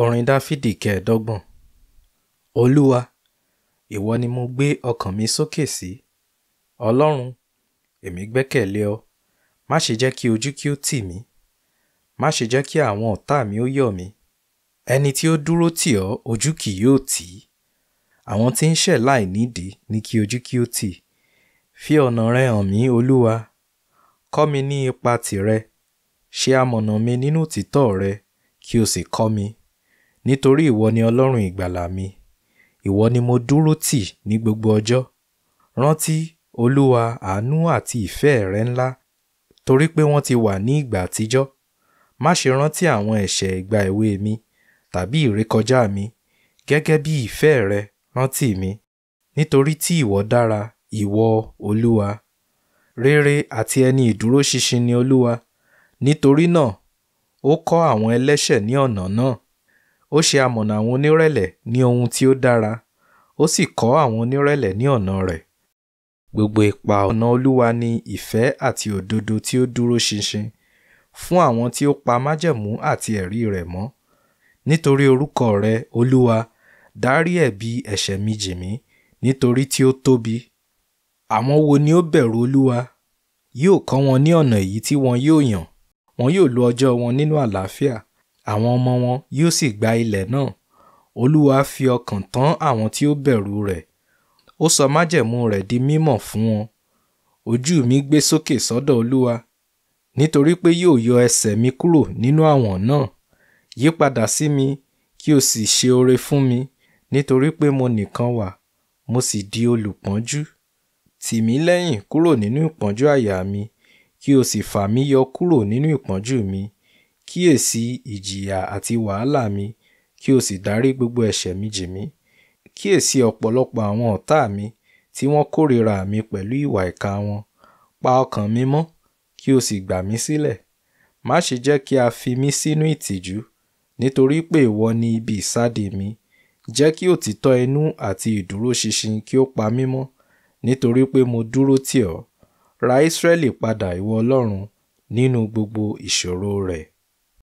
Orin Dáfídì kẹẹ̀dọ́gbọ̀n. Olúwa, ìwọ ni mo gbé ọkàn mi sókè sí; Ọlọ́run, èmi gbẹ́kẹ̀lé ọ. Má ṣe jẹ́ kí ojú kí ó tì mí, má ṣe jẹ́ kí àwọn ọ̀tá mi ó yọ̀ mí. Ẹni tí ó dúró tì ọ́ ojú kì yóò tì í. Àwọn tí ń ṣẹ̀ láìnídìí ni kí ojú kí ó tì. Fi ọ̀nà rẹ hàn mí, Olúwa, kọ́ mi ní ipa tìrẹ. Ṣe amọ̀nà mi nínú òtítọ́ rẹ kí o sì kọ́ mi. Nítorí ìwọ ni Ọlọ́run ìgbàlà mi, ìwọ ni mo dúró tì ní gbogbo ọjọ́. Rántí, Olúwa, àánú àti ìfẹ́ rẹ ńlá, torí pé wọ́n ti wà ní ìgbà àtijọ́. Má ṣe rántí àwọn ẹ̀ṣẹ̀ ìgbà èwe mi tàbí ìrékọjá mi; gẹ́gẹ́ bí ìfẹ́ rẹ rántí mi, nítorí tí ìwọ dára, ìwọ Olúwa. Rere àti ẹni ìdúróṣinṣin ni Olúwa, nítorí náà ó kọ́ àwọn ẹlẹ́ṣẹ̀ ní ọ̀nà náà ó ṣe amọ̀nà àwọn onírẹ̀lẹ̀ ní ohun tí ó dára ó sì kọ́ àwọn onírẹ̀lẹ̀ ní ọ̀nà rẹ̀ gbogbo ipa ọ̀nà olúwa ni ìfẹ́ àti òdodo tí ó dúró ṣinṣin fún àwọn tí ó pa májẹ̀mú àti ẹ̀rí rẹ̀ mọ́ nítorí orúkọ rẹ olúwa dárí ẹ̀bi ẹ̀ṣẹ̀ mi jì mí nítorí tí ó tóbi àwọn wo ni ó bẹ̀rù olúwa yóò kọ́ wọn ní ọ̀nà èyí tí wọn yóò yàn wọn yóò lo ọjọ́ wọn nínú àlàáfíà àwọn ọmọ wọn yóò sì gba ilẹ̀ náà olúwa fi ọkàn tán àwọn tí ó bẹ̀rù rẹ̀ ó sọ májẹ̀mú rẹ̀ di mímọ̀ fún wọn ojú mi gbé sókè sọ́dọ̀ olúwa nítorí pé yóò yọ ẹsẹ̀ mi kúrò nínú àwọn náà yípadà sí mi kí o sì ṣe oore fún mi nítorí pé mo nìkan wà mo sì di olùpọ́njú tì mí lẹ́yìn kúrò nínú ìpọ́njú àyà mi kí o sì fà mí yọ kúrò nínú ìpọ́njú mi kíyèsí ìjìyà àti wàhálà mi kí o sì dárí gbogbo ẹ̀ṣẹ̀ mi jì mí kíyèsí ọ̀pọ̀lọpọ̀ àwọn ọ̀tá mi tí wọ́n kórìíra mi pẹ̀lú ìwà ìkà wọn pa ọkàn mi mọ́ kí o sì gbà mí sílẹ̀ má ṣe jẹ́ kí a fi mí sínú ìtìjú nítorí pé ìwọ ni ibi ìsádi mi jẹ́ kí òtítọ́ inú àti ìdúróṣinṣin kí ó pa mí mọ́ nítorí pé mo dúró tì ọ́ ra Ísírẹ́lì padà ìwọ Ọlọ́run nínú gbogbo ìṣòro rẹ̀